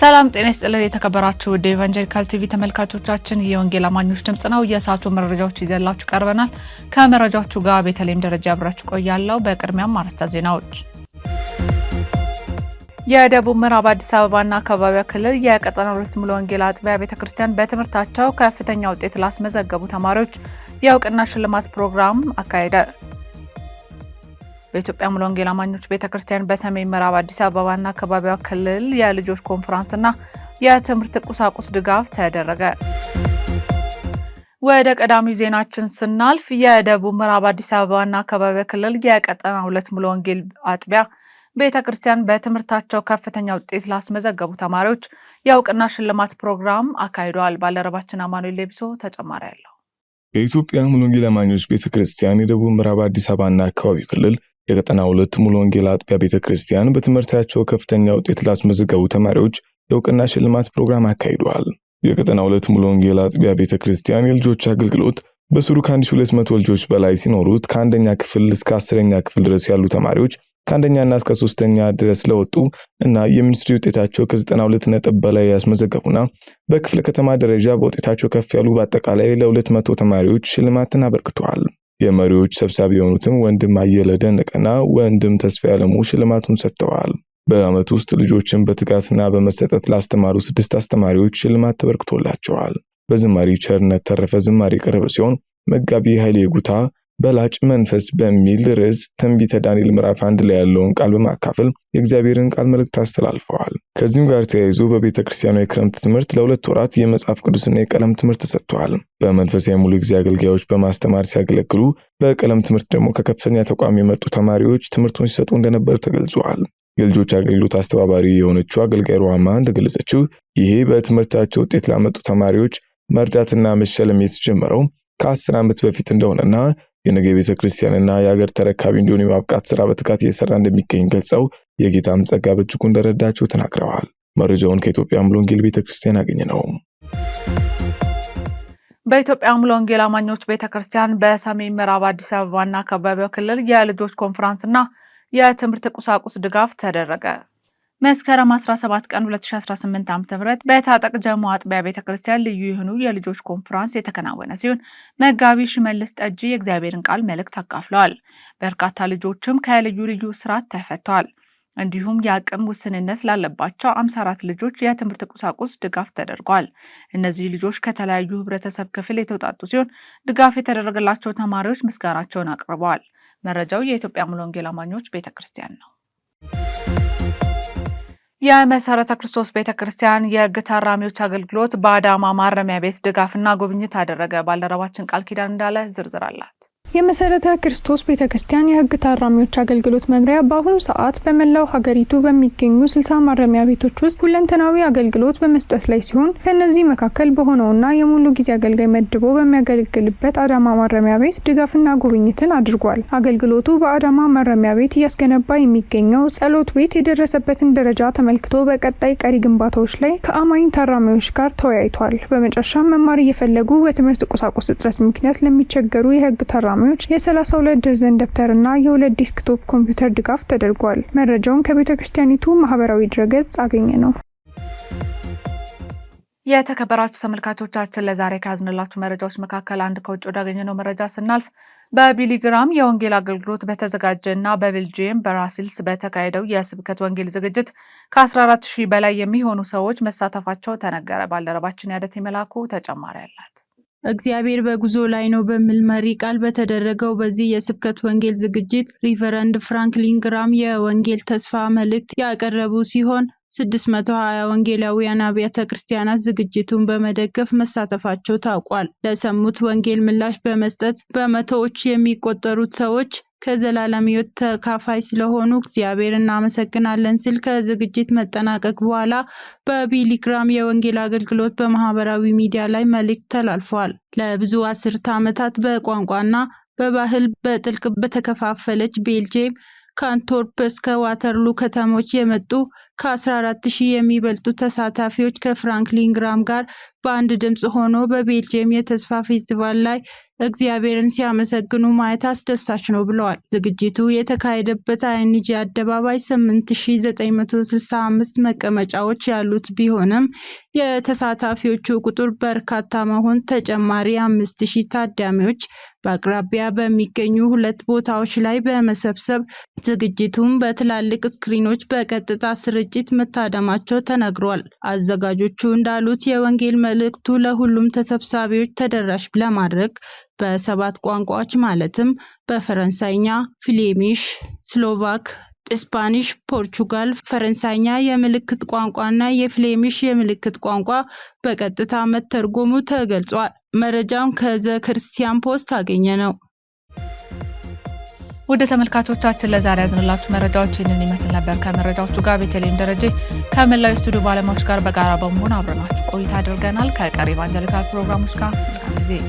ሰላም ጤና ይስጥልን። የተከበራችሁ ውድ ኢቫንጀሊካል ቲቪ ተመልካቾቻችን የወንጌል አማኞች ድምጽ ነው። የሰዓቱ መረጃዎች ይዘላችሁ ቀርበናል። ከመረጃዎቹ ጋር በተለይም ደረጃ አብራችሁ ቆያለሁ። በቅድሚያም አርዕስተ ዜናዎች። የደቡብ ምዕራብ አዲስ አበባና አካባቢዋ ክልል የቀጠና ሁለት ሙሉ ወንጌል አጥቢያ ቤተክርስቲያን በትምህርታቸው ከፍተኛ ውጤት ላስመዘገቡ ተማሪዎች የእውቅና ሽልማት ፕሮግራም አካሄደ። በኢትዮጵያ ሙሉ ወንጌል አማኞች ቤተክርስቲያን በሰሜን ምዕራብ አዲስ አበባና አካባቢዋ ክልል የልጆች ኮንፈረንስና የትምህርት ቁሳቁስ ድጋፍ ተደረገ። ወደ ቀዳሚው ዜናችን ስናልፍ የደቡብ ምዕራብ አዲስ አበባና አካባቢ ክልል የቀጠና ሁለት ሙሉ ወንጌል አጥቢያ ቤተ ክርስቲያን በትምህርታቸው ከፍተኛ ውጤት ላስመዘገቡ ተማሪዎች የእውቅና ሽልማት ፕሮግራም አካሂደዋል። ባልደረባችን አማኑኤል ሌብሶ ተጨማሪ ያለው የኢትዮጵያ ሙሉ ወንጌል አማኞች ቤተ ክርስቲያን የደቡብ ምዕራብ አዲስ አበባና አካባቢ ክልል የቀጠና ሁለት ሙሉ ወንጌል አጥቢያ ቤተ ክርስቲያን በትምህርታቸው ከፍተኛ ውጤት ላስመዘገቡ ተማሪዎች የእውቅና ሽልማት ፕሮግራም አካሂደዋል። የቀጠና ሁለት ሙሉ ወንጌል አጥቢያ ቤተ ክርስቲያን የልጆች አገልግሎት በስሩ ከ1200 ልጆች በላይ ሲኖሩት ከአንደኛ ክፍል እስከ አስረኛ ክፍል ድረስ ያሉ ተማሪዎች ከአንደኛና እስከ ሶስተኛ ድረስ ለወጡ እና የሚኒስትሪ ውጤታቸው ከ92 ነጥብ በላይ ያስመዘገቡና በክፍለ ከተማ ደረጃ በውጤታቸው ከፍ ያሉ በአጠቃላይ ለ200 ተማሪዎች ሽልማትን አበርክተዋል። የመሪዎች ሰብሳቢ የሆኑትን ወንድም አየለ ደነቀና ወንድም ተስፋ ያለሙ ሽልማቱን ሰጥተዋል። በዓመት ውስጥ ልጆችን በትጋትና በመሰጠት ላስተማሩ ስድስት አስተማሪዎች ሽልማት ተበርክቶላቸዋል። በዝማሪ ቸርነት ተረፈ ዝማሬ ቅርብ ሲሆን መጋቢ ኃይሌ ጉታ በላጭ መንፈስ በሚል ርዕስ ትንቢተ ዳንኤል ምዕራፍ አንድ ላይ ያለውን ቃል በማካፈል የእግዚአብሔርን ቃል መልእክት አስተላልፈዋል። ከዚህም ጋር ተያይዞ በቤተ ክርስቲያኗ የክረምት ትምህርት ለሁለት ወራት የመጽሐፍ ቅዱስና የቀለም ትምህርት ተሰጥቷል። በመንፈሳዊ ሙሉ ጊዜ አገልጋዮች በማስተማር ሲያገለግሉ፣ በቀለም ትምህርት ደግሞ ከከፍተኛ ተቋም የመጡ ተማሪዎች ትምህርቱን ሲሰጡ እንደነበር ተገልጿል። የልጆች አገልግሎት አስተባባሪ የሆነችው አገልጋይ ሮሃማ እንደገለጸችው ይሄ በትምህርታቸው ውጤት ላመጡ ተማሪዎች መርዳትና መሸለም የተጀመረው ከአስር ዓመት በፊት እንደሆነና የነገ ቤተ ክርስቲያንና የሀገር ተረካቢ እንዲሆን የማብቃት ስራ በትጋት እየሰራ እንደሚገኝ ገልጸው የጌታም ጸጋ በእጅጉ እንደረዳቸው ተናግረዋል። መረጃውን ከኢትዮጵያ ሙሉ ወንጌል ቤተ ክርስቲያን ያገኘ ነው። በኢትዮጵያ ሙሉ ወንጌል አማኞች ቤተ ክርስቲያን በሰሜን ምዕራብ አዲስ አበባና አካባቢው ክልል የልጆች ኮንፈረንስና የትምህርት ቁሳቁስ ድጋፍ ተደረገ። መስከረም 17 ቀን 2018 ዓ.ም በታጠቅ ጀሞ አጥቢያ ቤተ ክርስቲያን ልዩ የሆኑ የልጆች ኮንፈረንስ የተከናወነ ሲሆን መጋቢ ሽመልስ ጠጅ የእግዚአብሔርን ቃል መልእክት አካፍለዋል። በርካታ ልጆችም ከልዩ ልዩ ስርዓት ተፈተዋል። እንዲሁም የአቅም ውስንነት ላለባቸው 54 ልጆች የትምህርት ቁሳቁስ ድጋፍ ተደርጓል። እነዚህ ልጆች ከተለያዩ ህብረተሰብ ክፍል የተውጣጡ ሲሆን ድጋፍ የተደረገላቸው ተማሪዎች ምስጋናቸውን አቅርበዋል። መረጃው የኢትዮጵያ ሙሉ ወንጌል አማኞች ቤተ ክርስቲያን ነው። የመሰረተ ክርስቶስ ቤተ ክርስቲያን የሕግ ታራሚዎች አገልግሎት በአዳማ ማረሚያ ቤት ድጋፍና ጉብኝት አደረገ። ባልደረባችን ቃል ኪዳን እንዳለ ዝርዝር አላት። የመሰረተ ክርስቶስ ቤተ ክርስቲያን የሕግ ታራሚዎች አገልግሎት መምሪያ በአሁኑ ሰዓት በመላው ሀገሪቱ በሚገኙ ስልሳ ማረሚያ ቤቶች ውስጥ ሁለንተናዊ አገልግሎት በመስጠት ላይ ሲሆን ከእነዚህ መካከል በሆነውና የሙሉ ጊዜ አገልጋይ መድቦ በሚያገለግልበት አዳማ ማረሚያ ቤት ድጋፍና ጉብኝትን አድርጓል። አገልግሎቱ በአዳማ ማረሚያ ቤት እያስገነባ የሚገኘው ጸሎት ቤት የደረሰበትን ደረጃ ተመልክቶ በቀጣይ ቀሪ ግንባታዎች ላይ ከአማኝ ታራሚዎች ጋር ተወያይቷል። በመጨረሻም መማር እየፈለጉ በትምህርት ቁሳቁስ እጥረት ምክንያት ለሚቸገሩ የሕግ ታራሚ ተጠቃሚዎች የ32 ደርዘን ደብተርና የሁለት ዲስክቶፕ ኮምፒውተር ድጋፍ ተደርጓል። መረጃውን ከቤተ ክርስቲያኒቱ ማህበራዊ ድረገጽ አገኘ ነው። የተከበራችሁ ተመልካቾቻችን ለዛሬ ከያዝንላችሁ መረጃዎች መካከል አንድ ከውጭ ወዳገኘነው መረጃ ስናልፍ በቢሊግራም የወንጌል አገልግሎት በተዘጋጀ እና በቤልጅየም ብራሲልስ በተካሄደው የስብከት ወንጌል ዝግጅት ከ14 ሺህ በላይ የሚሆኑ ሰዎች መሳተፋቸው ተነገረ። ባልደረባችን ያደት የመላኩ ተጨማሪ አላት። እግዚአብሔር በጉዞ ላይ ነው በሚል መሪ ቃል በተደረገው በዚህ የስብከት ወንጌል ዝግጅት ሪቨረንድ ፍራንክሊን ግራም የወንጌል ተስፋ መልእክት ያቀረቡ ሲሆን 620 ወንጌላውያን አብያተ ክርስቲያናት ዝግጅቱን በመደገፍ መሳተፋቸው ታውቋል። ለሰሙት ወንጌል ምላሽ በመስጠት በመቶዎች የሚቆጠሩት ሰዎች ከዘላለም ሕይወት ተካፋይ ስለሆኑ እግዚአብሔር እናመሰግናለን ሲል ከዝግጅት መጠናቀቅ በኋላ በቢሊግራም የወንጌል አገልግሎት በማህበራዊ ሚዲያ ላይ መልእክት ተላልፏል። ለብዙ አስርተ ዓመታት በቋንቋና በባህል በጥልቅ በተከፋፈለች ቤልጅየም ካንቶርፕ እስከ ዋተርሉ ከተሞች የመጡ ከ14 ሺህ የሚበልጡ ተሳታፊዎች ከፍራንክሊን ግራም ጋር በአንድ ድምፅ ሆነው በቤልጅየም የተስፋ ፌስቲቫል ላይ እግዚአብሔርን ሲያመሰግኑ ማየት አስደሳች ነው ብለዋል። ዝግጅቱ የተካሄደበት አይንጂ አደባባይ 8965 መቀመጫዎች ያሉት ቢሆንም የተሳታፊዎቹ ቁጥር በርካታ መሆን ተጨማሪ 5000 ታዳሚዎች በአቅራቢያ በሚገኙ ሁለት ቦታዎች ላይ በመሰብሰብ ዝግጅቱን በትላልቅ ስክሪኖች በቀጥታ ስርጭት ግጭት መታደማቸው ተነግሯል። አዘጋጆቹ እንዳሉት የወንጌል መልእክቱ ለሁሉም ተሰብሳቢዎች ተደራሽ ለማድረግ በሰባት ቋንቋዎች ማለትም በፈረንሳይኛ፣ ፍሌሚሽ፣ ስሎቫክ ስፓኒሽ፣ ፖርቹጋል፣ ፈረንሳይኛ የምልክት ቋንቋና የፍሌሚሽ የምልክት ቋንቋ በቀጥታ መተርጎሙ ተገልጿል። መረጃውን ከዘ ክርስቲያን ፖስት አገኘ ነው። ውድ ተመልካቾቻችን ለዛሬ ያዝንላችሁ መረጃዎች ይህንን ይመስል ነበር። ከመረጃዎቹ ጋር በተለይም ደረጀ ከመላው ስቱዲዮ ባለሙያዎች ጋር በጋራ በመሆን አብረናችሁ ቆይታ አድርገናል። ከቀሪ ኢቫንጀሊካል ፕሮግራሞች ጋር ጊዜ